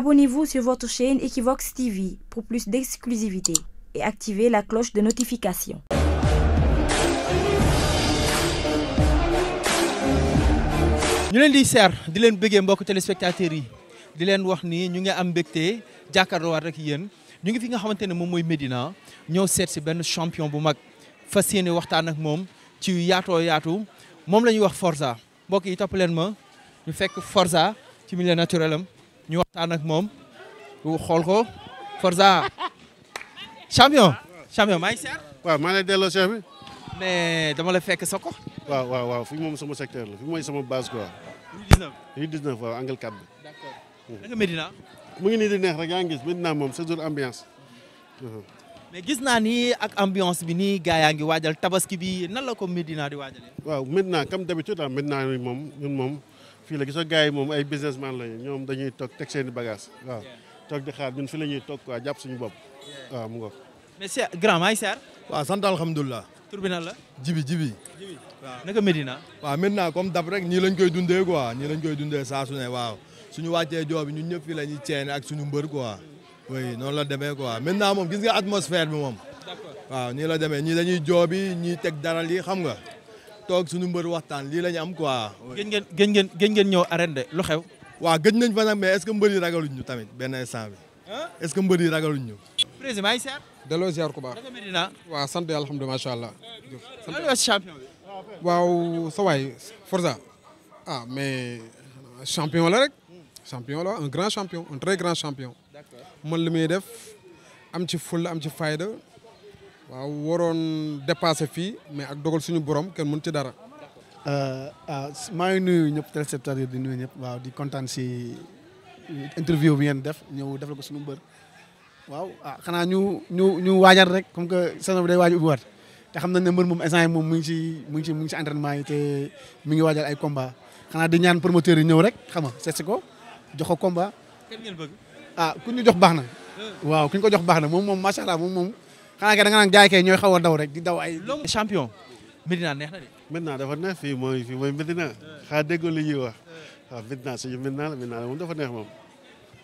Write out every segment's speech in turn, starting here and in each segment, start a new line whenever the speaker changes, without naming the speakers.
Abonnez-vous sur votre chaîne Equivox TV pour plus d'exclusivité et activez la cloche de notification.
ñu leen di seer di leen bëggee mbokk téléspectateurs yi di leen wax ni ñu ngi am mbégte jàkkaarloowaat rek yéen ñu ngi fi nga xamante ne moom mooy Médina ñëw seet si benn champion bu mag fas yéene waxtaan ak moom ci yaatoo yaatu moom la ñuy wax Forza mbokk yi topp leen ma ñu fekk Forza ci milieu naturel am. ñu waxtaan ak moom xool ko Forza champion. champion maa ngi seer. waaw maa ngi lay delloo cheikh bi. mais dama la fekk sa ko. waaw waaw waaw fii moom sama
secteur la fii mooy sama base quoi. rue 19 rue 19 waaw angle 4 bi. d'accord nga Medina. mu ngi nii di neex rek yaa ngi gis Medina moom c'est une ambiance. Uh-huh. mais gis naa ni ak ambiance bi nii gars yaa ngi waajal tabaski bi nan la ko Medina di waajalee. waaw Medina comme d'habitude ah Medina moom ñun moom. fii la gisoo gars yi moom ay businessman lañu ñoom dañuy toog teg seen i bagage
waaw toog di xaar ñun fi la ñuy toog quoi jàpp suñu bopp waaw mu ngoog mais grand maa ngi siyaar waaw sant alhamdulilah tur bi nan la jibi jibi waaw naka Medina waaw Medina comme dab rek ñii lañ koy dundee quoi ñii lañ koy dundee saa su ne waaw suñu wàccee joo bi ñun ñëpp fii la ñuy ceene ak suñu mbër quoi oui noonu la demee quoi maintenant moom gis nga atmosphère bi moom waaw nii la demee ñii dañuy joo bi ñii teg daral yi xam nga toog suñu mbër waxtaan lii la ñu am quoi. gëj ngeen gëj ngeen gëj ngeen ñëw arène de lu xew. nañ fa nag mais est ce que mbër yi ragaluñ ñu tamit benn instant bi. est ce que mbër yi ragaluñ ñu. président ay ziar. delloo ziar ku baax. waaw sant yàlla alhamdulilah macha allah. champion waaw sa waay ah mais champion la rek. champion la un grand champion un très grand champion. man li muy def am ci fulla am ci fayda. waaw waroon dépassé fii mais ak dogal suñu borom kenn mën ci dara. Euh, ah maa ngi nuyu ñëpp téléspectateurs di nuyu ñëpp waaw di kontaan si euh, interview bi ngeen def ñëw defal ko suñu mbër. waaw ah xanaa ñu ñu ñu waajal rek comme que saison bi day waaj a ubbiwaat te xam nañ ne mbër moom instant yi moom mu ngi si mu ngi si mu ngi si entraînement yi te mi ngi waajal ay combat xanaa di ñaan promoteurs yi ñëw rek xam nga seet si ko jox ko combat. kenn ngeen bëgg. Ah, ñu jox baax na. waaw ku ñu ko jox baax na moom moom macha allah moom moom. xanaa kay da nga naan gaay kay ñooy xaw a daw rek di daw ay. champion
Medina neex na de. Medina dafa neex fii mooy fii mooy Medina xaa li ñuy wax waaw Medina suñu Medina la Medina moom dafa neex moom.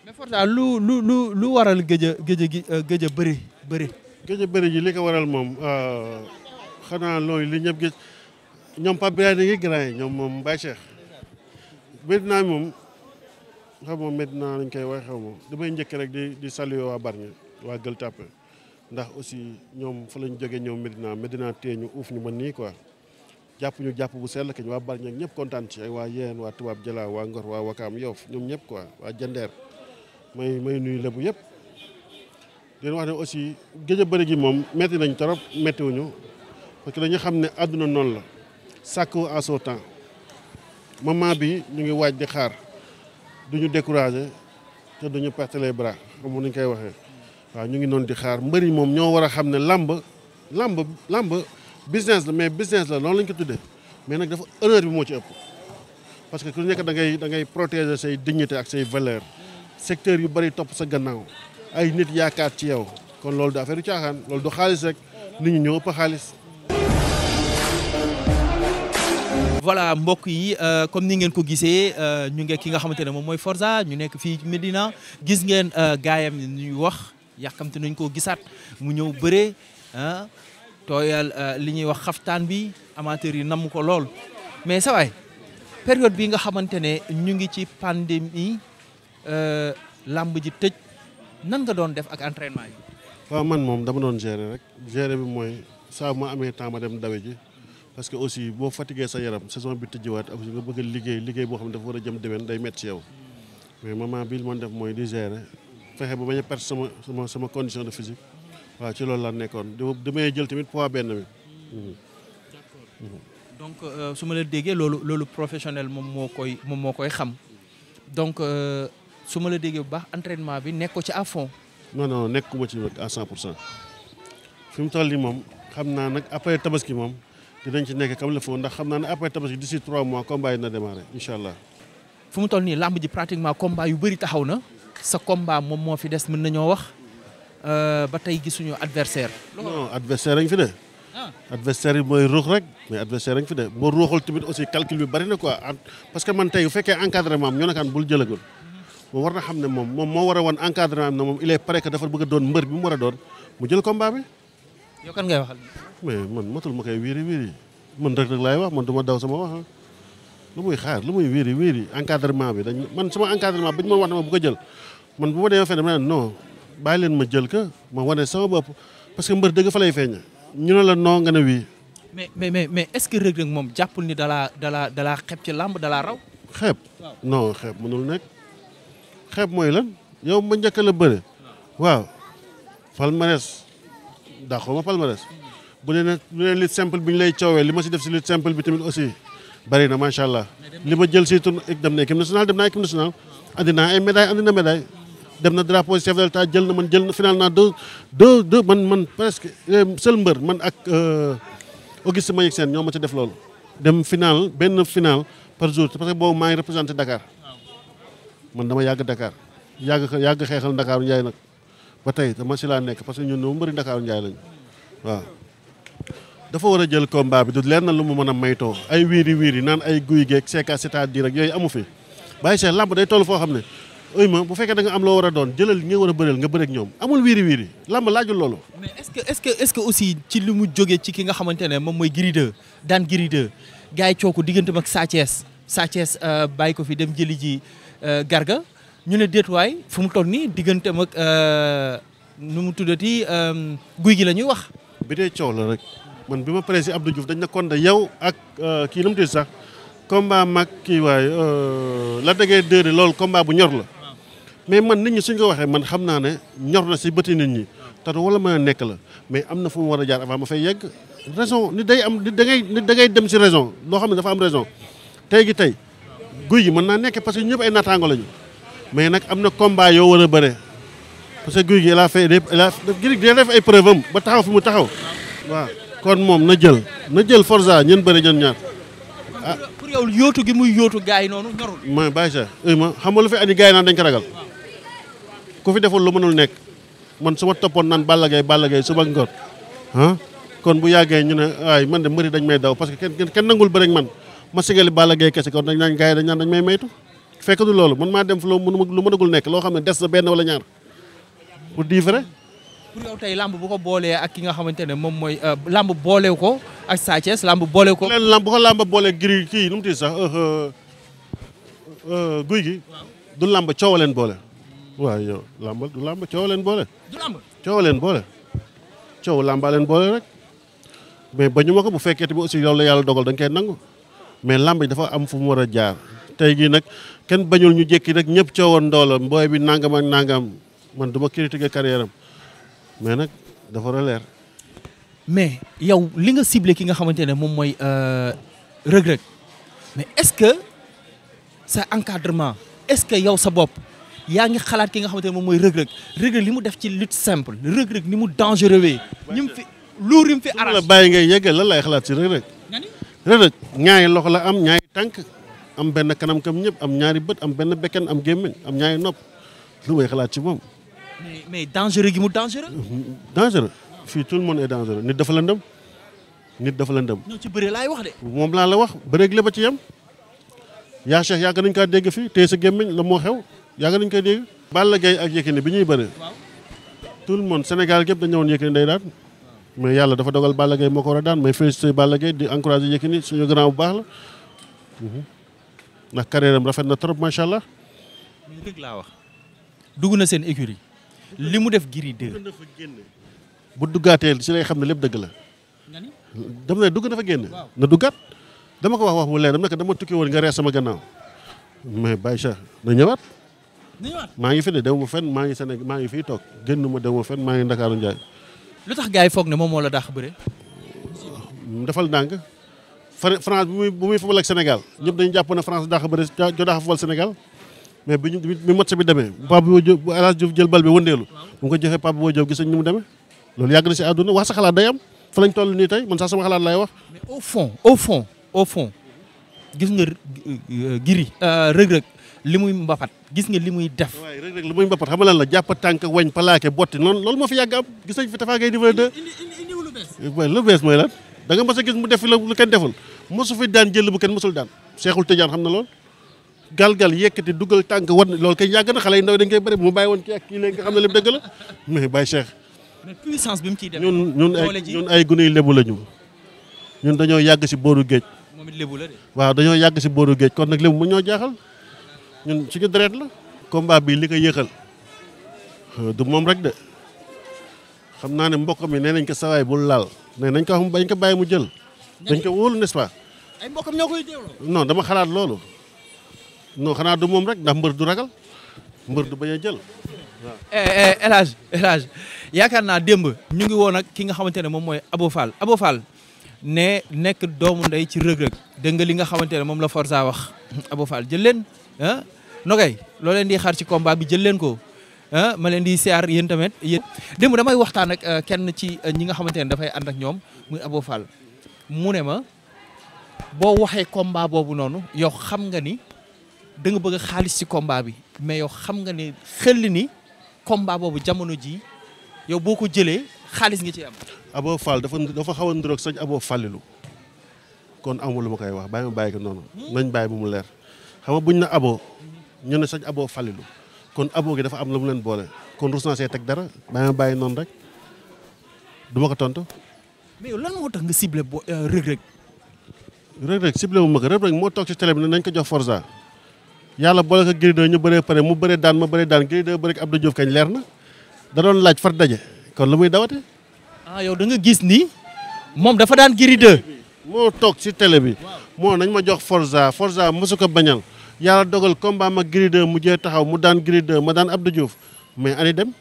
mais Forza lu lu lu lu waral gëj a gëj euh, gëj a bëri bëri. gëj a bëri ko
waral moom euh, xanaa loolu li ñëpp ñoom Pape Birahim dañuy ñoom moom Baye Cheikh. Medina moom xam moom Medina lañ koy wax xaw ma damay njëkk rek di di saluer waa Bargny waa Gueule Tapée ndax aussi ñoom fa la ñu jógee ñoom Medina Medina tee ñu uuf ñu ma nii quoi jàpp ñu jàpp bu sell kañ waa Bargny ñëpp kontaan ci ay waa Yeen waa Tubaab Jalaaw waa Ngor waa Wakaam Yoff ñoom ñëpp quoi waa Jandeer may may nuyu lébu yëpp. dina wax ne aussi géej a bëri gi moom métti nañ trop méttiwuñu parce que lañu xam ne àdduna noonu la sàkku à son temps moment bi ñu ngi waaj di xaar duñu décourager te duñu perte les bras comme ni ñu koy waxee. waaw ñu ngi noonu di xaar mbër yi moom ñoo war a xam ne làmb làmb làmb business la mais business la loolu lañ ko tuddee mais nag dafa honneur bi moo ci ëpp parce que ku nekk da ngay da ngay protéger say dignité ak say valeur secteur yu bari topp sa gannaaw ay nit yaakaar ci yow kon loolu du affaire du caaxaan loolu du xaalis rek
nit ñi ñoo ëpp xaalis. voilà mbokk yi euh, comme ni ngeen ko gisee euh, ñu ngi ki nga xamante ne moom mooy Forza ñu nekk fii Medina gis ngeen euh, gaayam ñuy wax. yàkkamti nañ koo gisaat mu ñëw bëree ah tooyal ah, li ñuy wax xaftaan bi amateur yi namm ko lool mais sa waay période bi nga xamante ne ñu ngi ci pandémie euh, làmb ji tëj nan nga doon def ak entraînement yi. waaw man moom
dama doon gérer rek gérer bi mooy saa ma amee temps ma dem dawe ji parce que aussi boo fatigee sa yaram saison bi tëjjiwaat aussi nga bëgg liggéey liggéey boo xam ne dafa war a jëm déwén day métti ci yow mais moment bii li def mooy di gérer. fexe ba bañ a perte sama sama sama condition de physique waaw ci loolu laa nekkoon damay jël tamit poids benn bi. Mhm.
donc euh, su ma la déggee loolu loolu professionnel moom moo koy moom moo koy xam donc euh, su ma la déggee bu baax entraînement bi nekk ko ci à fond.
non non nekkuma ci à 100 pour cent fi mu toll nii moom xam naa nag après tabaski moom dinañ ci nekk comme la foofu ndax xam naa ne après tabaski d'ici 3 mois
combat yi na démarré incha allah. fu mu toll nii làmb ji pratiquement combat yu bëri taxaw na. sa combat moom moo fi des mën nañoo wax euh, ba tey gisuñu adversaire non
adversaire añ fi ne ah. adversaire yi mooy ruux rek mais adversaire añ fi ne boo ruuxul tamit aussi calcul bi bari na quoi parce que man tey bu fekkee encadrement am ñoo nakaan bul jëlagul moom war na xam ne moom moom moo war a woon encadrement am na moom il est prêt que dafa bëgg a doon mbër bi mu war a doon mu jël combat bi yow kan ngay mais man matul ma koy wiiri wiiri man rek rek laay wax man du ma daw sama wax ah. lu muy xaar lu muy wéeri wéeri encadrement bi dañ man sama encadrement ba ñu ma wax ne ma bu ko jël man bu ma demee fenn ma ma parce que mbër dëgg fa lay ñu ne la non nga ne wii.
mais mais mais est-ce que Reug Reug moom jàppul ni dalaa dalaa dalaa xeeb ci làmb dalaa raw.
xeeb non xeeb mënul nekk xeeb mooy lan yow ma njëkka la bëre waaw palmarès dàqoo ma palmarès bu dee ne bu dee simple bi ñu lay coowee li ma si def si lutte simple bi tamit aussi. bari na macha allah li ma jël si tourne dem na équipe nationale dem naa équipe nationale andi naa ay médaille andi na médaille dem na drapeau chef de jël na man jël na final naa deux deux deux man presque euh, seul mbër man ak euh, Auguste Mayek seen ñoo ma ci def loolu dem final benn final par jour parce que boobu maa ngi représenté Dakar man dama yàgg Dakar yàgg yàgg xeexal Dakar Ndiaye nag ba tey ma si laa nekk parce que ñun ñoo mbëri Dakar waaw dafa war a jël combat bi du lenn lu mu mën a maytoo ay wiiri wiiri naan ay guy geeg seeka c'est-à-dire ak yooyu amu fi bàyyi seex làmb day toll foo xam ne uy ma bu fekkee danga am loo
war a doon jëlal ñi nga war a bëreel nga bëreeg ñoom amul wiiri wiiri làmb laajul loolu. mais est-ce que est que est-ce que aussi ci li mu jógee ci ki nga xamante ne moom mooy Gris daan Gris 2 gars yi coow ko digganteem ak Sa euh, bàyyi ko fi dem jëli ji euh, Garga ñu ne déet waay fu mu toll nii digganteem ak euh, nu mu tuddati guy gi la ñuy wax. bi
dee rek. man bi ma paree si Abdou Diouf dañ ne kon de yow ak euh, kii nu mu sax combat mag kii waaye euh, la dëggee déedéet loolu combat bu ñor la mais man nit ñi suñ ko waxee man xam naa ne ñor na si bëti nit ñi te wala mën nekk la mais am na fu war a jaar avant ma fay yegg raison nit day am nit da dem si raison loo xam ne dafa am raison tey gi tey guy gi mën naa nekk parce que ñëpp ay naataango lañu mais nag am na combat yoo war a bëre parce que guy gi il a fait il a def ay preuve am ba taxaw fi mu taxaw waaw kon moom na jël na jël forsa ñun bëri ñun ñaar.
ah pour yow gi muy yóotu gars yi noonu
ñorul. ma bàyyi sa ma xam nga lu fi andi gars yi naan dañ ko ragal ku fi defoon lu mënul nekk man su ma toppoon naan Balla Gaye Balla Gaye suba ngoon ah, kon bu yàggee ñu ne waay man de mbëri dañ may daw parce kenn kenn nangul bëri man ma sigali Balla Gaye kese kon dañ naan gars yi dañ naan dañ may maytu fekk du loolu man maa dem fu lu mënagul nekk loo xam ne des na benn wala ñaar pour dire
pour tey lamb bu ko boolee ak ki nga xamante ne moom mooy euh, lamb boole ko ak Sa làmb boole ko. leen lamb ko lamb boole giri kii nu mu tudd sax
euh, euh, guy gi. du lamb coow leen boole. waaw yow lamb coow leen boole. du leen boole. coow lamba leen boole rek. mais ba ñu ma ko bu fekkee tamit aussi loolu la yàlla dogal dañ koy nangu mais lamb ji dafa am fu mu war a jaar tey jii nag kenn bañul ñu jékki rek ñëpp coowoon ndoola mbooy bi nangam ak nangam man du ma critiquer carrière am mais nag dafa releer a leer.
mais yow li nga ciblé ki nga xamante ne moom mooy euh, rëg-rëg mais est-ce que sa encadrement est-ce que yow sa bopp yaa ngi xalaat ki nga xamante ne moom mooy rëg-rëg li mu def ci lutte simple rëg-rëg ni mu dangereux ñu mu fi luur
yi mu fi arraché la bàyyi ngay yeggal lan lay xalaat ci rëg-rëg rëg ñaari loxo la am ñaari tànk am benn kanam kam ñëpp am ñaari bët am benn bekken am gémmiñ am ñaari nopp lu may xalaat ci moom
mais mais gi mu dangereux.
dangereux fii tout le monde est dangereux nit dafa lëndëm nit dafa lëndëm.
ci bëre laay wax de.
moom laa la wax bëreeg la ci yem. yaa Cheikh yàgg nañu kaa dégg fii tey sa gémmiñ la moo xew yàgg nañ koy dégg. Balla Gaye ak Yékini bi ñuy bëre. tout le monde Sénégal gépp dañu ñëwoon Yékini day daan. mais yàlla dafa dogal Balla Gaye moo ko war a daan mais félicité Balla Gaye di encouragé Yékini suñu grand bu baax la. Mhm. ndax carrière rafet na trop macha allah. laa wax dugg na seen écurie. li mu def Gris 2 bu duggaatee si lay xam ne lépp dëgg la dama ne dugg na génn na duggaat dama ko wax wax bu leer dama ne ko dama tukki woon nga rees sama gannaaw mais Baye Cheikh na ñëwaat maa ngi fi ne demuma fen maa ngi Sénégal maa ngi fii toog génn ma demuma fen maa ngi Ndakaaru Njaay
lu tax gaa yi foog ne moom moo la dàq bëre
defal ndànk France bu muy bu muy fubal ak Sénégal ñëpp dañu jàpp ne France dàq bëre jo dàq fubal Sénégal mais bi ñu bi match bi demee Pape Bouba Diop bu El Hadj jël bal bi wëndeelu bu ko joxee Pape Bouba Diop gis nañ ni
mu nii tey man sax sama xalaat laay wax. mais au gis nga euh, giri euh, rëg-rëg li muy mbapat gis nga li muy def. waaye rëg-rëg li muy mbapat
xam la jàpp tànk weñ palaake botti noonu loolu moo fi yàgg am gis nañ fi Tafa Gueye numéro 2. lu bees eh, waaye lu bees mooy lan da nga mës a gis mu def lu kenn deful mosu fi daan jël bu kenn mosul daan seexul tëjaan xam na loolu galgal yëkkati dugal tànk wan loolu kay yàgg na xale yi ndaw dañ koy bëri mu bàyyi woon kii ak kii léegi nga xam ne lépp dëgg la mais Baye Cheikh. mais puissance bi mu ciy ñun ay gune yu lebu la ñu ñun dañoo yàgg si booru géej. moom it la waaw dañoo yàgg si booru géej kon nag lebu mu ñoo jaaxal ñun suñu deret la. combat bii li ko yëkkal euh, du moom rek de xam naa ne mbokk mi nee nañ ko sawaay bul laal nee nañ ko xam bañ ko bàyyi mu jël. dañ ko wóolu n'est-ce pas.
ay mbokkam ñoo koy
non dama xalaat loolu. non xanaa du moom rek ndax mbër du ragal mbër du bañ jël
waaw. Eh, eh, El Hadj El Hadj yaakaar naa démb. ñu ngi woon ak ki nga xamante ne moom mooy Abo Fall Abo Fall ne nekk doomu ndey ci rëg dégg nga li nga xamante ne moom la Forza wax Abo Fall ah nogay loo leen di xaar ci combat bi jël leen ko ah ma leen di siyaar yéen tamit yéen. damay waxtaan ak eh, kenn ci ñi nga xamante ne dafay ànd ak ñoom muy Abo Fall mu ne ma boo waxee combat boobu noonu yow xam nga ni. danga nga bëgg xaalis ci kombaa bi mais yow xam nga ne xel ni combat boobu jamono ji yow boo ko jëlee xaalis nga ci am. Abo Fall dafa
dafa xaw a niroog aboo Abo kon amul lu ma koy wax bàyyi ma bàyyi ko noonu nañ bàyyi bu mu leer xam nga buñ na Abo ñu ne sëñ Abo kon Abo gi dafa am lu mu leen boole kon rus naa see teg dara bàyyi ma bàyyi noonu rek duma ko tontu. mais yow lan moo tax nga sible bo euh, Reug Reug. Reug Reug ciblé ma ko Reug Reug moo toog ci télé bi ne nañ ko jox Forza. yàlla boole ko Gris ñu bëree pare mu bëree daan ma bëree daan Gris 2 bëri ak Abdou Diouf kañ leer na da doon laaj far daje kon lu muy dawate. ah yow da nga gis nii moom dafa daan Gris 2. moo toog si tele bi moo nañ ma jox forsa Forza mosu ko bañal yàlla dogal combat ma Gris 2 mu jee taxaw mu daan Gris 2 ma daan Abdou Diouf mais ani dem.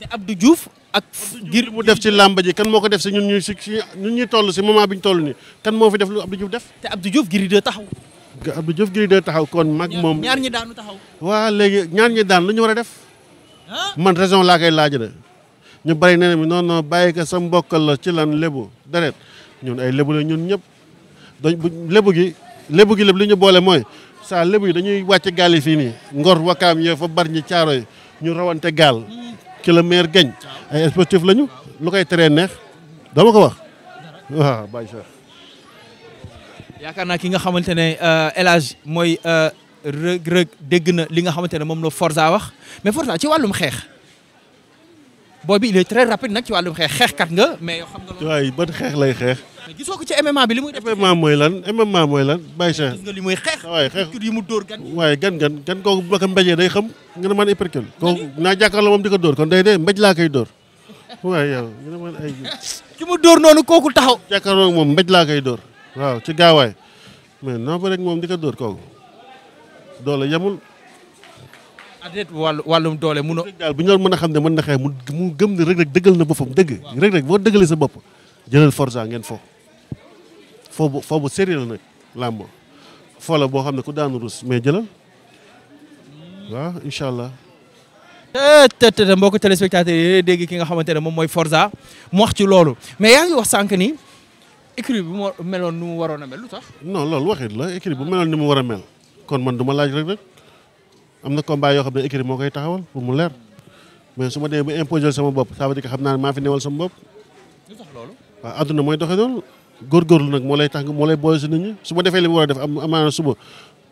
te Abdou juuf ak. Gris mu def ci làmba ji kan moo ko def si ñun ñuy si ñun toll si moment bi ñu toll nii kenn moo fi def lu Abdou def. te Abdou Diouf Gris 2 taxaw. Abdou Diouf gi 2 taxaw kon mag moom ñaar ñi daanu taxaw. waa léegi ñaar ñi daan lu ñu war a def. man raison laa koy laaj de ñu bari nee nañu non non bàyyi ka sa mbokkal la ci lan lébu deret ñun ay lébu la ñun ñëpp dañ bu lébu gi lébu gi lépp li ñu boole mooy saa lébu yi dañuy wàcc gaal yi fii nii ngor wakaam yooyu fa bar ñi caaro yi ñu rawante gaal hmm. ki la meer gañ ay sportif lañu lu koy teree neex dama ko wax waaw bàyyi
yaakaar naa ki nga xamante ne euh, El Hadj mooy euh, Reug Reug dégg na li nga xamante ne moom la Forza wax mais Forza ci wàllum xeex booy bi il est très rapide nag ci wàllum xeex xeexkat nga mais. yoo xam nga loolu
waaye ban xeex lay xeex. gisoo ko ci MMA bi li muy def ma mooy lan MMA mooy lan bàyyi sa. gis li muy xeex waaye xeex yi mu dóor gan. waaye gan gan gan kooku bu ma day xam nga ne man hypercule. naa jàkkaarloo moom dóor kon day dee mbéj laa kay dóor waaye yow nga ne man ay. ki mu dóor noonu kooku taxaw. jàkkaarloo moom mbéj laa koy dóor waaw ci gaawaay mais non ba rek moom di ko dóor kooku doole yemul.
adet wàllu wàllum doole mun
daal bu ñu doon mën a xam ne mën na xeex mu gëm ne rek rek dëggal na boppam dëgg. rek rek boo dëggalee sa bopp jëlal forza ngeen fo. foo bu foo bu sérieux la nag làmb foo
la boo xam ne ku daanu rus mais jëlal waaw incha allah. Eh, te te mbokk téléspectateurs yi dégg ki nga xamante ne moom mooy Forza mu wax ci loolu mais yaa ngi wax sànq écrit bi mu meloon ni mu waroon a mel lu tax. non loolu waxit la écrit bu meloon ni
mu war mel kon man du laaj rek am na combat yoo xam ne écrit moo koy taxawal pour mu leer ma demee ba imposer sama bopp ça veut xam naa ne maa fi newal sama bopp. lu tax loolu. waaw adduna mooy doxee noonu góorgóorlu moo lay tax moo lay boole su ma defee li mu war am amaana suba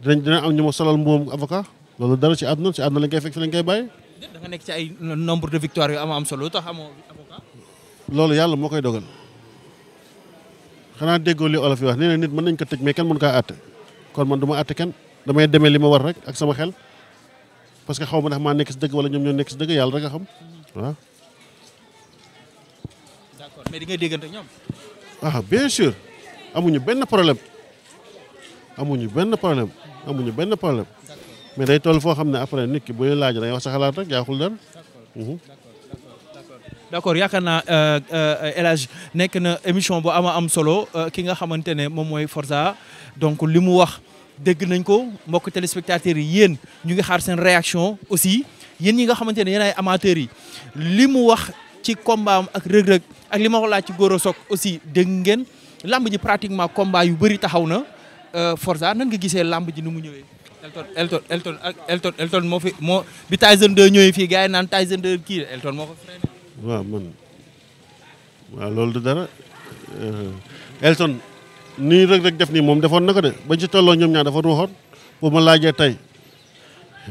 dina am ñu ma solal mbuum avocat loolu dara ci si ci àdduna lañ koy fekk fi lañ koy bàyyi.
da nekk ci ay nombre de victoire yu am am solo lu tax amoo avocat.
loolu yàlla moo koy dogal. xanaa déggoo li olof yi wax nee na nit mën nañ ko tëj mais kenn mënu kaa àtte kon man du ma àtte kenn damay demee li ma war rek ak sama xel parce que xaw ma ndax maa nekk si dëgg wala ñoom ñoo nekk si dëgg yàlla rek a xam waaw.
d'accord mais di nga déggante ñoom.
ah bien sûr amuñu benn problème amuñu benn problème amuñu benn problème mais day tool foo xam ne après nit ki bu laaj da ngay wax sa xalaat rek jaaxul dara.
d'accord yaakaar naa euh, euh, El Hadj nekk na émission bu ama am solo euh, ki nga xamante ne moom mooy Forza donc li mu wax dégg nañ ko mbokk téléspectateurs yi yéen ñu ngi xaar seen réaction aussi yen ñi nga xamante ne yéen amateurs yi li mu wax ci combat ak rëg-rëg ak li ma ko laaj ci Goro Sock aussi dégg ngeen lamb ji pratiquement combat yu bëri taxaw na Forza nan nga gisee lamb ji ni mu ñëwee. Elton Elton Elton moo fi moo bi Tyson 2 ñëwee fii gars naan Tyson kii Elton moo ko freiné.
waa man waaw loolu du dara eh, Elton nii rek rek def nii moom defoon na ko de bañ ci tolloo ñoom ñaar dafa waxoon bu ma laajee tey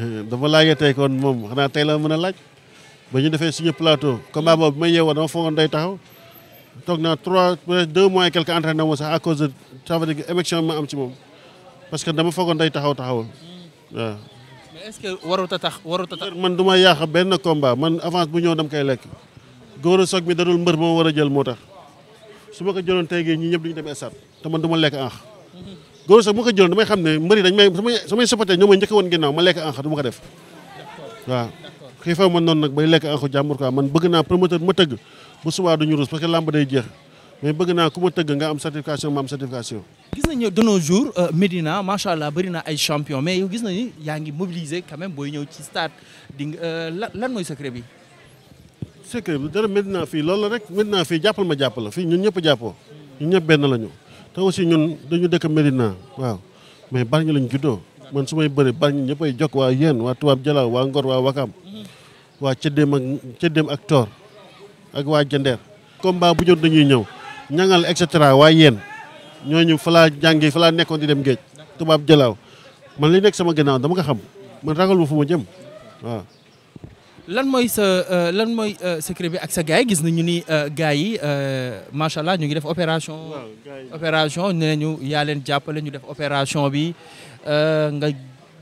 eh, dama laajee tey kon moom xanaa tey la mën a laaj ba ñu defee suñu plateau combat boobu bi may yeewoo dama foogoon day taxaw toog naa trois peut deux mois et quelques entraîné moo sax à de ça veut émission bi ma am ci moom parce que dama foogoon day taxaw taxawul waaw. est-ce que warut a tax warut a man du ma yàq benn combat man avance bu ñëw dam koy lekk. góor a soog mi dadul mbër moom war a jël moo tax su ma ko jëloon tey gii ñi ñëpp duñu dem stade te man du ma lekk ànq góor a soog ma ko jëloon damay xam ne mbër yi dañ may samay samay supporter ñoo may woon ginnaaw ma lekk ànq ko def waaw xiifaa man noonu nag bay lekk ànqu jàmbur quoi man bëgg naa promoteur ma tëgg bu subaa duñu bëgg naa ku ma tëgg nga am certification ma am certification
gis nañu de nos jours euh, Médina macha allah bëri na ay champion mais yow gis nañu yaa ngi mobiliser quand même booy ñëw ci stade di euh, lan mooy secret bi
c'est que dara Medina fii loolu la rek Medina fii jàppal ma jàpp la fii ñun ñëpp jàppoo ñun ñëpp benn la ñu te aussi ñun dañu dëkk Medina waaw mais ñu lañu juddoo man su may bëri Bargny ñëpp ay jokk waa yéen waa Tubaab Jalaaw waa Ngor waa Wakaam waa Cëddeem ak Cëddeem ak Toor ak waa Jandeer combat bu jot dañuy ñëw ñangal et cetera waa yéen ñooñu fa laa jàngee fa laa nekkoon di dem géej Tubaab Jalaaw man li nekk sama gannaaw dama ko xam man ragal fu ma jëm waaw
lan mooy sa euh, lan mooy euh, secret bi ak sa gars yi gis nañu ni euh, gars yi macha allah ñu ngi def opération. opération nee nañu yaa leen jàppale ñu def opération bi nga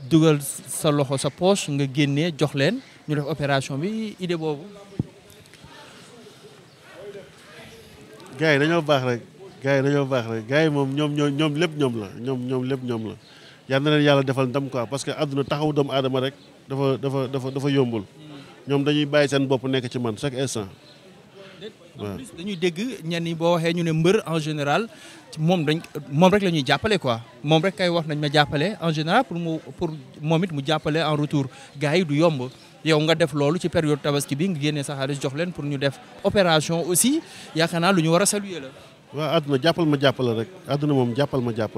dugal sa loxo sa poche nga génnee jox leen ñu def opération bi idée boobu. gars yi dañoo
baax rek gars yi dañoo baax rek gars yi moom ñoom ñoo ñoom lépp ñoom la ñoom ñoom lépp ñoom yal na leen yàlla defal ndam quoi parce que àdduna taxaw doomu aadama rek dafa dafa dafa dafa yombul. ñoom dañuy bàyyi seen bopp nekk ci man chaque instant. en plus
dañuy dégg ñenn ñi boo waxee ñu ne mbër en général moom dañ moom rek la ñuy jàppale quoi moom rek kay wax nañ ma jàppale en général pour mu pour moom it mu jàppale en retour gaa yi du yomb yow nga def loolu ci période tabaski bi nga génnee sa xaalis jox leen pour ñu def opération aussi yaakaar naa lu ñu war a saluer la.
waa àdduna jàppal ma jàppale rek àdduna moom jàppal ma la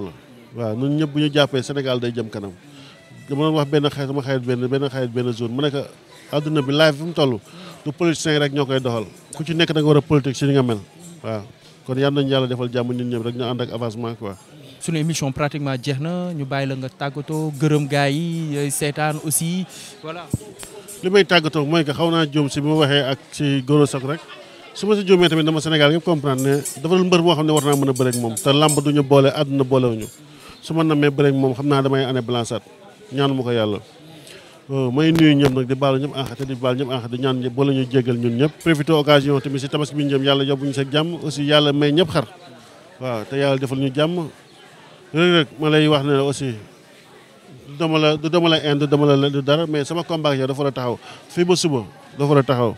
waaw ñun ñëpp bu ñu jàppee Sénégal day jëm kanam dama doon wax benn xarit ma xarit benn benn xarit benn zone mu nekk. adduna bi live bi mu toll du politicien rek ñoo koy doxal ku ci nekk da nga war a politique si li nga mel waaw kon yal nañu yàlla defal jàmm ñun ñëpp rek ñu ànd ak avancement quoi.
sunu émission pratiquement jeex na ñu bàyyi la nga tàggatoo gërëm gaa yi seetaan aussi voilà. li may tàggatoo mooy que
xaw naa juum si bi ma waxee ak si Goro Sock rek su ma si juumee tamit dama Sénégal yëpp comprendre ne dafa doon mbër boo xam ne war naa mën a bëre ak moom te làmb duñu boole àdduna boolewuñu su ma namee bëre ak moom xam naa damay année blanchette ñaanu ma ko yàlla. Euh, may nuyu ñëpp nag di baalu ñëpp àq te di baal ñëpp àq di ñaan ñëpp boole ñu jéggal ñun ñëpp profité occasion tamit si tabaski bi ñu jëm yàlla waaw te yàlla defal ñu jàmm Reug Reug ma wax ne aussi du la du dama ind du dama dara mais sama combat dafa a taxaw fii ba suba dafa war a taxaw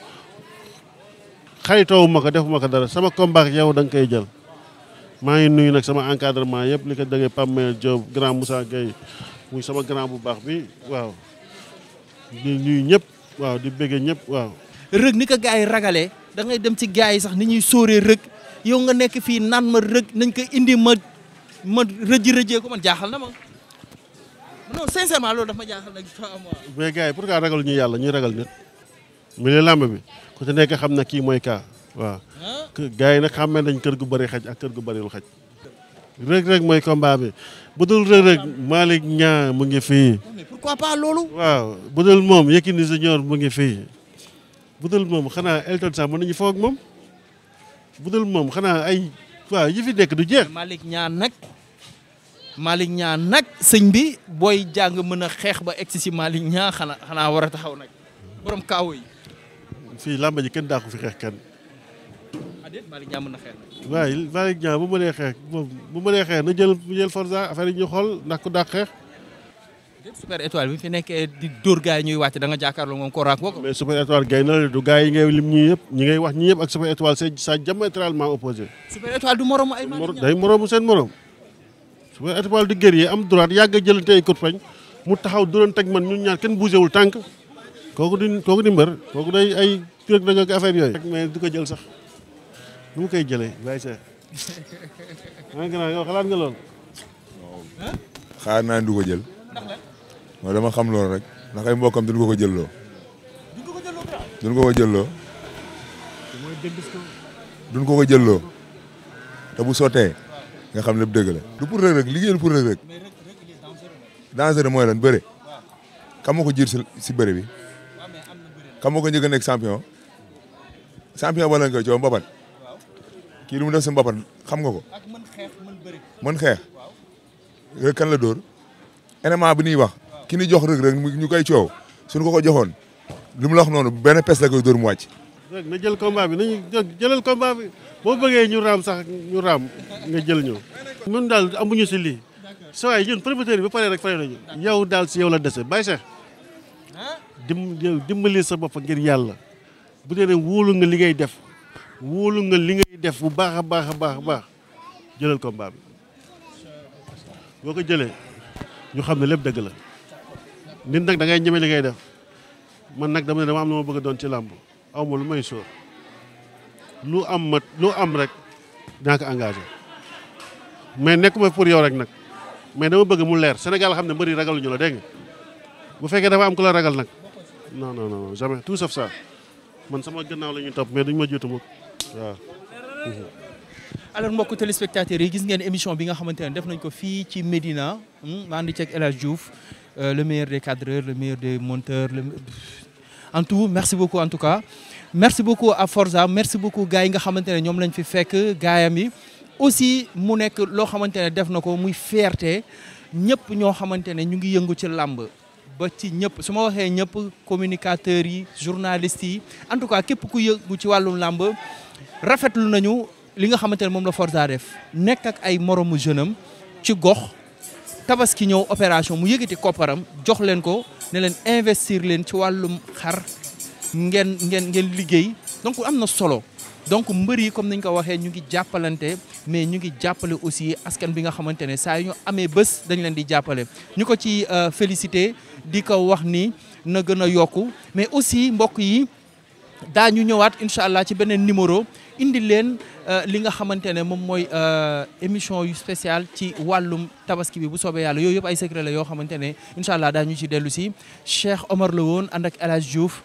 xaritoowu ko defuma ko dara sama combat yow da koy jël maa ngi nuyu nag sama encadrement yëpp li ko dëggee Pape Mayor Diop grand Moussa Gueye muy sama grand bu baax bi waaw di nuyu ñëpp waaw di bëggee ñëpp waaw.
rëg ni ko gars yi ragalee da dem ci gars yi sax ni ñuy sooree rëg yow nga nekk fii naan ma rëg nañ ko indi ma ma rëji rëjee ko man jaaxal na ma non sincèrement loolu daf ma jaaxal nag. yi
pour nga ragal ñu yàlla ñuy ragal nit mu ne làmb bi ko ci nekk xam na kii mooy kaa waaw. Ah. gars yi nag xàmmee nañ kër gu bëri xaj ak kër gu bëriwul xaj. rëg-rëg mooy combat bi bu dul rëg ñaa mu ngi fii. mais pourquoi pas loolu. waaw bu dul moom Yékini Junior mu ngi fii bu dul moom xanaa Elton sax mën nañu foog moom bu moom xanaa ay
waaw yi fi nekk du jeex. malik Niang nag Malick Niang nag sëñ bi booy jàng mën a xeex ba egsi si Malick Niang xanaa xanaa war a taxaw nag borom kaaw yi.
fii làmba ji kenn daaku fi xeex kenn.
ah déet Malick Niang mën na xeex
bu mënee xeex moom xeex na jël jël Forza yi ñu xool ndax ku dàq xeex.
déet super étoile bi fi nekkee di door gaa yi ñuy wàcc da nga jàkkaarloo moom ko rànk ko. mais super
étoile gay na la du gars yi ngay lim ñii yëpp ñi ngay wax ñii yëpp ak super étoile c'est ça diamétralement opposé.
super étoile du moromu
day moromu seen morom. super étoile du guerrier am droit yàgg a jëlante ay coup mu taxaw durante ak man ñun ñaar kenn bougé wul tànk kooku di kooku di mbër kooku day ay rek da nga affaire yooyu. mais du ko jël sax nu mu koy jëlee Baye Cheikh. maa ngi gannaaw yow xalaat nga lool.
xaar naa du ko jël. mooy dama xam loolu rek ndax ay mbokkam duñ ko ko jëlloo. duñ ko ko jëlloo. duñ ko ko jëlloo. te bu sottee nga xam lépp dëgg la du pour rek rek liggéeyul pour rek mooy lan bëre. kam ma ko jiir si si bëre bi. kam ma ko njëkk nekk champion. champion ba lañ koy coow kii lu mu def si mbapat xam nga ko. ak mën xeex mën bëri. mën xeex. kan la dóor. élément bi ñuy wax. ki ni jox rek rek ñu koy coow. suñu ko ko joxoon. lu mu la noonu benn pes la koy dóor mu wàcc.
na jël combat bi nañu jëlal combat bi boo bëggee ñu raam sax ñu raam nga jël ñëw. ñun daal amuñu si lii. sa waay ñun promoteur bi ba pare rek fay nañu. yow daal si yow la dese bàyyi sax dim sa bopp ngir yàlla bu dee ne wóolu nga li ngay def wóolu nga li def bu baax a baax a baax a baax jëlal combat bi boo ko jëlee ñu xam ne lépp dëgg la nit nag da ngay ñeme li ngay def man nag dama ne am lu ma bëgg a doon ci làmb aw ma lu may sóor lu am ma lu am rek dinaa ko engagé mais nekkuma pour yow rek nag mais dama bëgg mu leer Sénégal xam ne mbëri ragaluñu la dégg nga bu fekkee dafa am ko la ragal nag non non non jamais tout sauf ça man sama gannaaw la ñuy topp mais duñ ma jiitu mukk Mhm.
alors mbokk téléspectateurs yi gis ngeen émission bi nga xamante ne def nañ ko fii ci Médina hmm, ma ànd ceeg El Hadj Diouf euh, le meilleur des cadreurs le meilleur des monteurs le en tout merci beaucoup en tout cas merci beaucoup à Forza merci beaucoup gars yi nga xamante ne ñoom lañu fi fekk gaayam yi aussi mu nekk loo xamante ne def na ko muy fierté ñëpp ñoo xamante ne ñu ngi yëngu ci làmb ba ci ñëpp su ma waxee ñëpp communicateurs yi journalistes yi en tout cas képp ku yëngu ci wàllum làmb rafetlu nañu li nga xamante ne moom la Forza def nekk ak ay moromu jeune am ci gox tabaski ñëw opération mu yëgati kopparam jox leen ko ne leen investir leen ci wàllum xar ngeen ngeen ngeen liggéey donc am na solo donc mbër yi comme ni ko waxee ñu ngi jàppalante mais ñu ngi jàppale aussi askan bi nga xamante ne saa yu ñu amee bës dañ leen di jàppale ñu ko ci euh, félicité di ko wax ni na gën a yokku mais aussi mbokk yi daa ñu ñëwaat incha allah ci beneen numéro indi leen euh, li nga xamante ne moom mooy euh, émission yu spéciale ci wàllum tabaski bi bu soobee yàlla yooyu yëpp ay secret la yoo xamante ne incha allah daañu ci dellu si Cheikh Omar la woon ànd ak El Hadj Diouf.